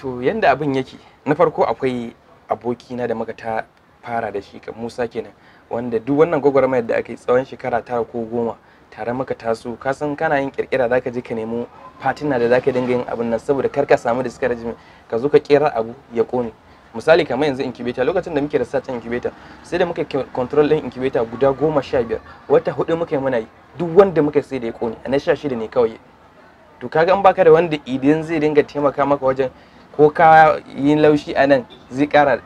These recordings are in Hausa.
to yanda abin yake na farko akwai abokina da muka ta fara da shi musa kenan wanda duk wannan gwagwarmayar da aka yi tsawon shekara tara ko goma tare muka taso ka san kana yin kirkira zaka je ka nemo fatina da zaka dinga yin abin nan saboda kar ka samu discouragement ka zo ka kera abu ya kone misali kamar yanzu incubator lokacin da muke da satin incubator sai da muka control din incubator guda goma sha biyar wata hudu muka yi muna yi duk wanda muka sai da ya kone a na sha shida ne kawai to kaga an baka da wanda idan zai dinga taimaka maka wajen ko ka yi laushi a nan zai kara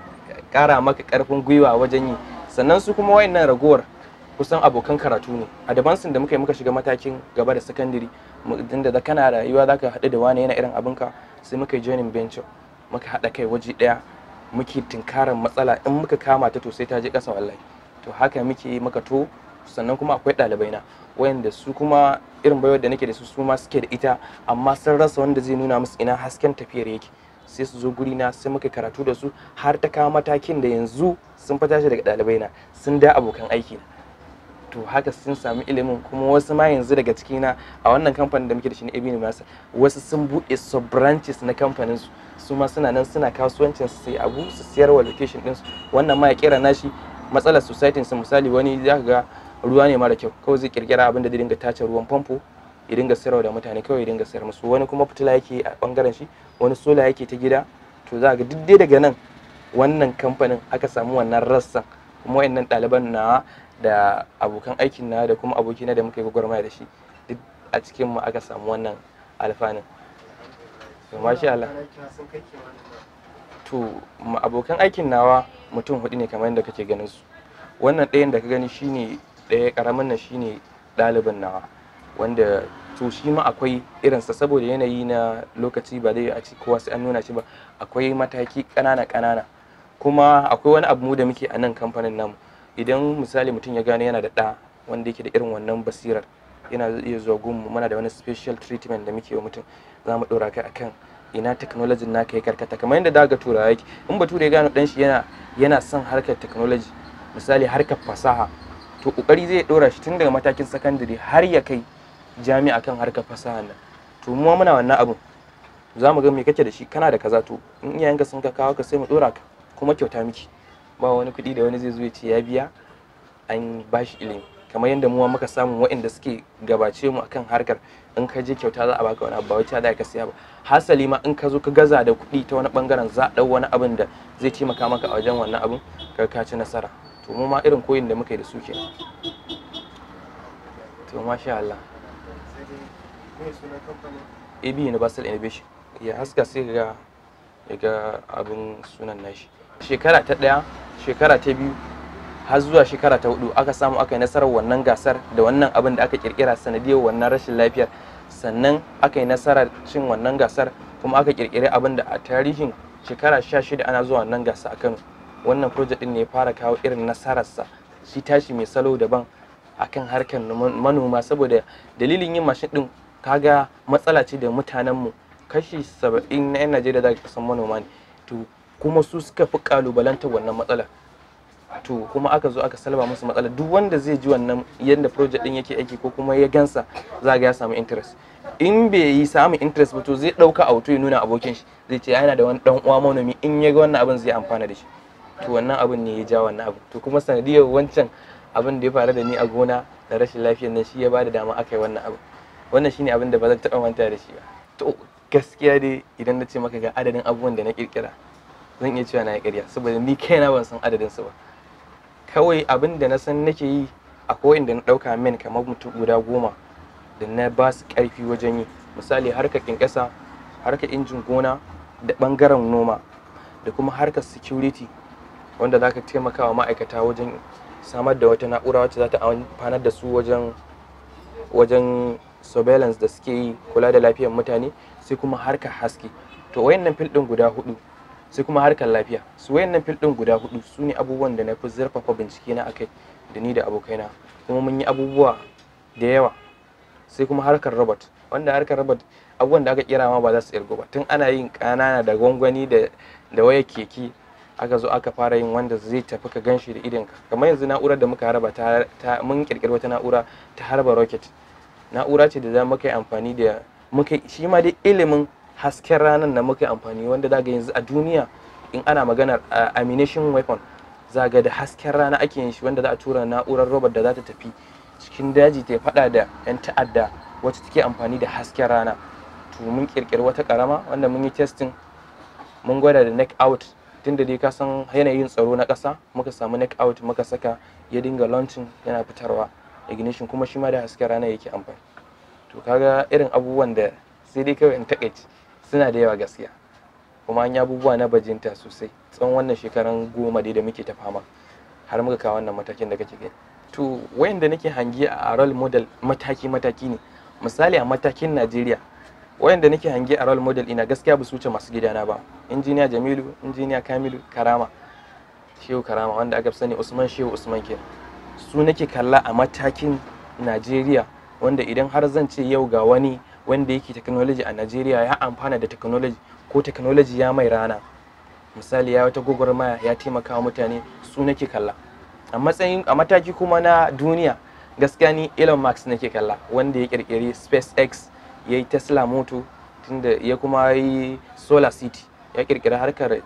maka karfin gwiwa wajen yi sannan su kuma wayannan ragowar kusan abokan karatu ne a sun da muka yi muka shiga matakin gaba da secondary tunda da kana rayuwa za ka haɗu da wani yana irin abinka sai muka yi joining venture muka haɗa kai waje ɗaya muke tunkarar matsala in muka kama ta to sai ta je ƙasa wallahi to haka muke yi muka to sannan kuma akwai ɗalibai na wayanda su kuma irin bayar da nake da su su ma suke da ita amma sun rasa wanda zai nuna musu ina hasken tafiyar yake sai su zo guri na sai muka karatu da su har ta kawo matakin da yanzu sun fita shi daga ɗalibai na sun da abokan aiki na to haka sun sami ilimin kuma wasu ma yanzu daga ciki na a wannan kamfanin da muke da shi na Ibn Masa wasu sun buɗe sub branches na kamfanin su su ma suna nan suna kasuwancin su sai abu su siyar wa location din su wannan ma ya kera nashi matsalar society su misali wani zaka ga ruwa ne mara kyau kawai zai kirkira abin da zai dinga tace ruwan famfo ya dinga sayarwa da mutane kawai ya dinga sayar musu wani kuma fitila yake a bangaren shi wani sola yake ta gida to za ga duk daga nan wannan kamfanin aka samu wannan rassan kuma wayannan ɗaliban na da abokan aikin na da kuma abokina da muka yi gwagwarmaya da shi duk a cikin mu aka samu wannan alfanin to masha Allah to abokan aikin nawa mutum hudu ne kamar yadda kake ganin su wannan ɗayan da ka gani shine ɗaya karamin nan shine ɗalibin nawa wanda to shi ma akwai irinsa saboda yanayi na lokaci ba zai a ci kowa sai an nuna shi ba akwai mataki kanana ƙanana kuma akwai wani abu da muke a nan kamfanin namu idan misali mutum ya gano yana da ɗa wanda yake da irin wannan basirar yana iya zuwa muna da wani special treatment da muke wa mutum za mu ɗora kai akan ina technology na kai karkata kamar yadda daga tura yake in bature ya gano ɗan shi yana yana son harkar technology misali harkar fasaha to kokari zai ɗora shi tun daga matakin sakandare har ya kai jami'a kan harkar fasaha nan to mu muna wannan abun za mu ga me kake da shi kana da kaza to in iyayenka sun ka kawo ka sai mu dora ka kuma kyauta miki ba wani kuɗi da wani zai zo ya ce ya biya an ba shi ilimi kamar yadda mu muka samu waɗanda suke gabace mu akan harkar in ka je kyauta za a baka wani abu ba wacce za ka siya ba hasali ma in ka zo ka gaza da kuɗi ta wani bangaren za a wani abin da zai taimaka maka a wajen wannan abin ka ka ci nasara to mu ma irin koyin da muka yi da su ke to masha Allah AB Universal Innovation ya haska sai ga ga abin sunan nashi shekara ta ɗaya shekara ta biyu har zuwa shekara ta hudu aka samu aka yi nasarar wannan gasar da wannan abin da aka kirkira sanadiyar wannan rashin lafiyar sannan aka yi nasarar cin wannan gasar kuma aka kirkiri abin da a tarihin shekara sha shida ana zuwa wannan gasa a kano wannan project din ne ya fara kawo irin nasararsa shi tashi mai salo daban akan harkar manoma saboda dalilin yin mashin din kaga matsala ce da mutanenmu kashi saba'in na 'yan najeriya za ka san manoma ne to kuma su suka fi kalubalantar wannan matsala to kuma aka zo aka salba musu matsala duk wanda zai ji wannan yadda project din yake aiki ko kuma ya gansa za ga ya samu interest in bai yi samun interest ba to zai dauka auto ya nuna abokin shi zai ce ah, yana da wani dan uwa manomi in ya ga wannan abin zai amfana da shi to wannan abin ne ya ja wannan abin to kuma sanadiyar wancan abin da ya faru da ni a gona da rashin lafiyar nan shi ya bada dama aka yi wannan abin wannan shine abin da ba zan taɓa manta da shi ba to gaskiya dai idan na ce maka ga adadin abubuwan da na kirkira zan iya cewa na yi ƙarya saboda ni kaina ban san adadin su ba kawai abin da na san nake yi akwai inda na ɗauka min kamar mutum guda goma da na ba su ƙarfi wajen yi misali harkar ƙinƙasa harkar injin gona da ɓangaren noma da kuma harkar security wanda za ka taimaka wa ma'aikata wajen samar da wata na'ura wacce za ta amfanar da su wajen wajen surveillance da suke yi kula da lafiyar mutane sai kuma harkar haske to wayannan fil guda hudu sai kuma harkar lafiya su wayannan fil guda hudu su ne abubuwan da na fi zurfafa bincike na akai da ni da abokaina kuma mun yi abubuwa da yawa sai kuma harkar robot wanda harkar robot abubuwan da aka kira ma ba za su irgo ba tun ana yin kanana da gwangwani da da waya keke aka zo aka fara yin wanda zai tafi ka ganshi da idonka kamar yanzu na'urar da muka harba ta mun kirkiri wata na'ura ta harba rocket na'ura ce da za muka yi amfani da muka shi ma dai ilimin hasken ranar na muka yi amfani wanda za ga yanzu a duniya in ana maganar ammunition weapon za ga da hasken rana ake yin shi wanda za a tura na'urar robot da za ta tafi cikin daji ta faɗa da 'yan ta'adda wacce take amfani da hasken rana to mun kirkiri wata karama wanda mun yi testing mun gwada da neck out tun da dai ka san yanayin tsaro na ƙasa muka samu neck out muka saka ya dinga launching yana fitarwa ignition kuma shi ma da hasken rana yake amfani to kaga irin abubuwan da sai dai kawai in takaici suna da yawa gaskiya kuma an yi abubuwa na bajinta sosai tsawon wannan shekaran goma dai da muke ta fama har muka kawo wannan matakin da kake gani to wayanda nake hangi a role model mataki mataki ne misali a matakin Najeriya wayanda nake hangi a role model ina gaskiya ba su wuce masu gidana ba injiniya Jamilu injiniya Kamilu Karama Shehu Karama wanda aka sani Usman Shehu Usman kenan su nake kalla a matakin najeriya wanda idan har zan ce yau ga wani wanda yake technology a najeriya ya amfana da technology ko technology ya mai rana misali ya wata maya ya taimaka mutane su nake kalla a matsayin a mataki kuma na duniya gaskiya ni Elon Musk nake kalla wanda ya kirkiri SpaceX ya yi Tesla moto tunda ya kuma yi Solar City ya kirkiri harkar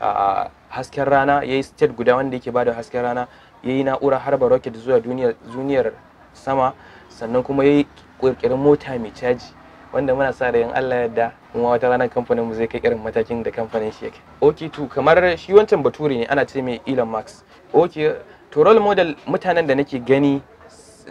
ah, hasken rana ya yi state guda wanda yake bada hasken rana ya yi na'urar harba rocket zuwa duniyar sama sannan kuma ya yi ƙirƙirin mota mai caji wanda muna sa da yan Allah yadda kuma wata ranar kamfaninmu zai kai irin matakin da kamfanin shi yake. OK2 kamar shi wancan bature ne ana ce mai Elon Musk. OK to role model mutanen da nake gani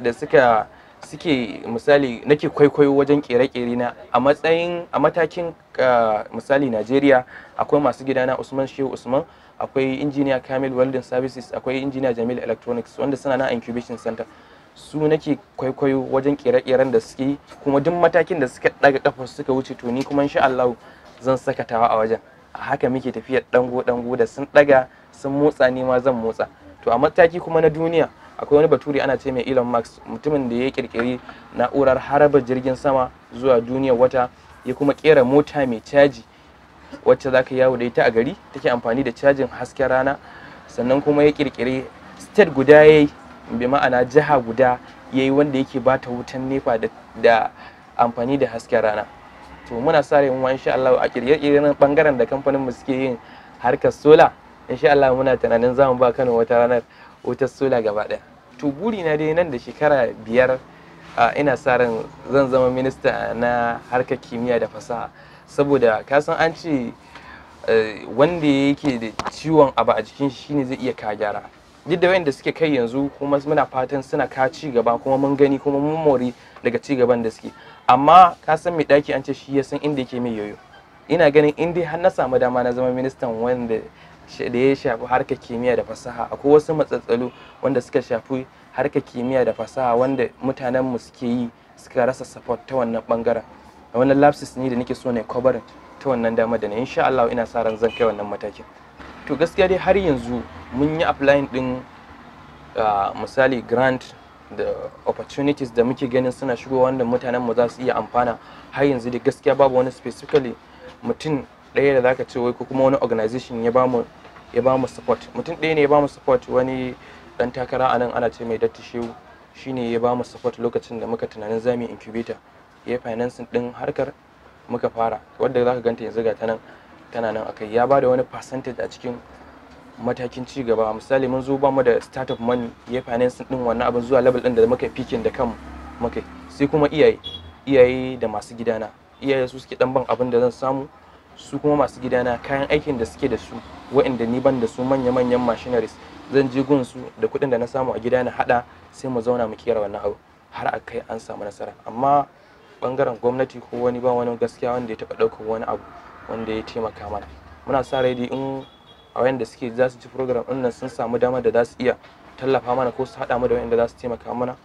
da suka suke misali nake kwaikwayo wajen kere-kere na a matsayin a matakin ah, misali Najeriya akwai masu gidana Usman Shehu Usman akwai injiniya kamil welding services akwai injiniya jamil electronics wanda suna na incubation center su nake kwaikwayo wajen kere-keren da suke kuma duk matakin da suka daga kafa suka wuce to ni kuma insha Allah zan saka tawa a wajen a haka muke tafiyar dango dango da sun daga sun motsa ni ma zan motsa to a mataki kuma na duniya akwai wani baturi ana ce mai Elon Musk mutumin da ya kirkiri na'urar haraba jirgin sama zuwa duniyar wata ya kuma kera mota mai caji wacce za ka yawo da ita a gari take amfani da cajin hasken rana sannan kuma ya kirkiri state guda ya yi bi ma'ana jiha guda ya yi wanda yake ba ta wutan nefa da amfani da hasken rana to muna sa rai mu insha Allah a kirkire bangaren da kamfanin mu suke yin harkar sola insha Allah muna tunanin za mu ba Kano wata ranar wutar sola gaba daya to buri na dai nan da shekara biyar ina sa ran zan zama minista na harkar kimiyya da fasaha saboda ka san an ce eh, wanda yake da ciwon abu a jikin shi ne zai iya ka gyara duk da wayanda suke kai yanzu kuma muna fatan suna ka ci gaba kuma mun gani kuma mun mori daga ci gaban da suke amma ka san mai daki an ce shi ya san inda yake mai yoyo ina ganin in dai har na samu dama na zama ministan wanda da ya shafi harkar kimiyya da fasaha akwai wasu matsatsalu wanda suka shafi harkar kimiyya da fasaha wanda mutanen mu suke yi suka rasa support ta wannan bangaren da wannan lapses ne da nake so na kwabarin ta wannan dama da na insha Allah ina sa ran zan kai wannan matakin to gaskiya dai har yanzu mun yi applying din ah, misali grant da opportunities da muke ganin suna shigo wanda mutanen mu za su iya amfana har yanzu dai gaskiya babu wani specifically mutum ɗaya da zaka ce wai ko kuma wani organization ya bamu ya bamu support mutum ɗaya ne ya mu support wani dan takara anan ana ce mai datti shehu shine ya bamu support lokacin da muka tunanin zamu incubator ya financing din harkar muka fara wadda za ka ganta yanzu ga ta nan tana nan akai ya ba da wani percentage a cikin matakin ci gaba misali mun zo ba mu da startup money ya financing din wannan abin zuwa level din da muka pikin da kan muka sai kuma iyaye iyaye da masu gidana iyaye su suke dan ban abin da zan samu su kuma masu gidana kayan aikin da suke da su waɗanda ni ban da su manya-manyan machineries zan je gun su da kuɗin da na samu a gida na hada sai mu zauna mu kera wannan abu har a kai an samu nasara amma bangaren gwamnati ko wani ba wani gaskiya wanda ya taɓa ɗaukar wani abu wanda ya taimaka mana muna sa rai in a wayanda suke za su ji program ɗin nan sun samu dama da za su iya tallafa mana ko su haɗa mu da wayanda za su taimaka mana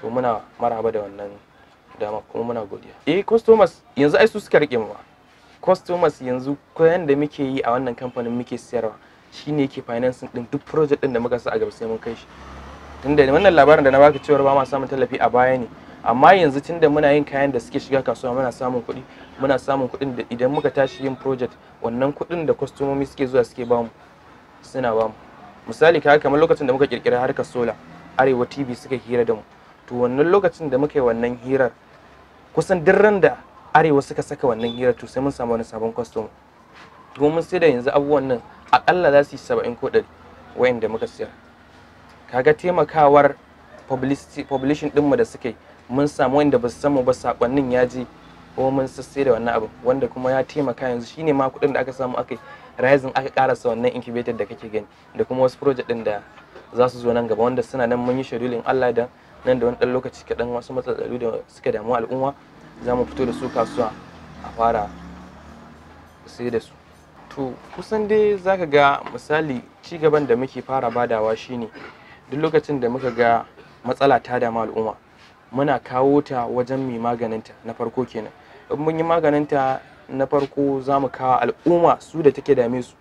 to muna maraba da wannan dama kuma muna godiya eh customers yanzu ai su suka rike mu customers yanzu koyan da muke yi a wannan kamfanin muke siyarwa shine yake financing din duk project din da muka sa a gaba sai mun kai shi tunda wannan labarin da na baka cewa ba ma samun tallafi a baya ne amma yanzu tunda muna yin kayan da suke shiga kasuwa muna samun kuɗi muna samun kuɗin da idan muka tashi yin project wannan kuɗin da kwastomomi suke zuwa suke mu suna bamu misali kaga kamar lokacin da muka kirkira harkar sola arewa tv suka hira da mu to wannan lokacin da muka yi wannan hirar kusan dirran da arewa suka saka wannan hirar to sai mun samu wani sabon to mun sai da yanzu abubuwan nan akalla za su yi saba'in ko ɗari da muka siyar kaga taimakawar publishing ɗinmu da suka yi mun samu wanda ba su samu ba sakonnin ya je kuma mun sassai da wannan abu wanda kuma ya taimaka yanzu shine ma kuɗin da aka samu aka rising aka karasa wannan incubator da kake gani da kuma wasu project din da za su zo nan gaba wanda suna nan mun yi schedule in Allah da nan da wani dan lokaci kaɗan wasu matsaloli da suka damu al'umma za mu fito da su kasuwa a fara sai da su to kusan dai zaka ga misali ci gaban da muke fara badawa shine duk lokacin da muka ga matsala ta damu al'umma muna kawo ta wajen mai maganinta na farko kenan in mun yi maganinta na farko za mu kawo al'umma su da take dame su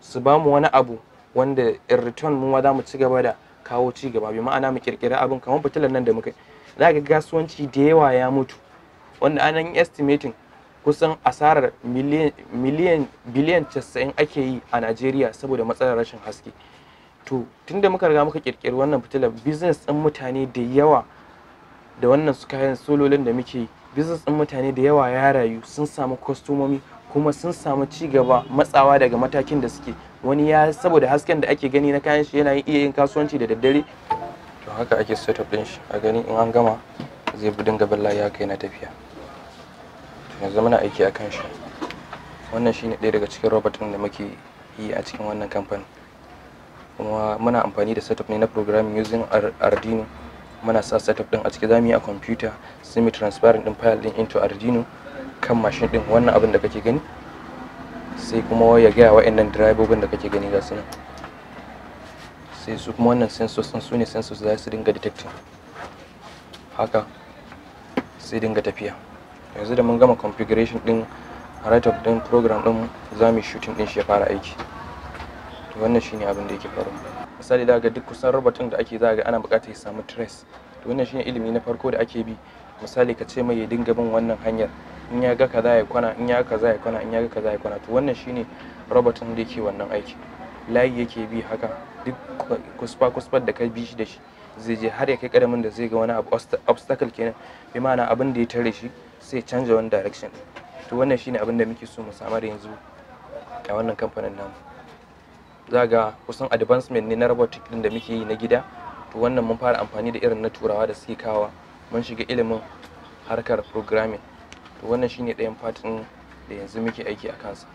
su ba mu wani abu wanda in return mu za mu ci gaba da kawo ci gaba bi ma'ana mu kirkira abin kamar fitilar nan da muka za ga kasuwanci da yawa ya mutu wanda anan estimating kusan asarar miliyan biliyan casa'in ake yi a Najeriya saboda matsalar rashin haske to tunda muka riga muka kirkiri wannan fitilar business din mutane da yawa da wannan su kayan sololin da muke yi business ɗin mutane da yawa ya rayu sun samu kwastomomi kuma sun samu ci gaba matsawa daga matakin da suke wani ya saboda hasken da ake gani na kayan shi yana iya yin kasuwanci da daddare to haka ake setup ɗin shi a gani in an gama zai bi dinga balla ya kai na tafiya yanzu muna aiki a kan shi wannan shine ɗaya daga cikin robotin da muke yi a cikin wannan kamfanin kuma muna amfani da setup ne na programming using arduino muna sa setup din a ciki zamu yi a computer sai mu transferring din file din into Arduino kan mashin din wannan abin da kake gani sai kuma ya gaya wa'annan drivobin da kake gani ga su nan sai su kuma wannan sensors din su ne sensors za su dinga detecting haka sai dinga tafiya yanzu da mun gama configuration din write up din program din za mu shooting din shi ya fara aiki wannan shine abin da yake faruwa misali za ga duk kusan robotin da ake za ga ana bukatar ya samu trace to wannan shine ilimi na farko da ake bi misali ka ce mai ya dinga bin wannan hanyar in ya ga kaza ya kwana in ya ga kaza ya kwana in ya ga kaza ya kwana to wannan shine robotin da yake wannan aiki layi yake bi haka duk kusfa kuspa da ka bi shi da shi zai je har ya kai karamin da zai ga wani obstacle kenan bi ma'ana abin da ya tare shi sai canza wani direction to wannan shine abin da muke so mu samar yanzu a wannan kamfanin namu zaga kusan advancement ne na robotic din da muke yi na gida to wannan mun fara amfani da irin na turawa da suke kawa mun shiga ilimin harkar programming to wannan shine ɗayan fatin da yanzu muke aiki a kansa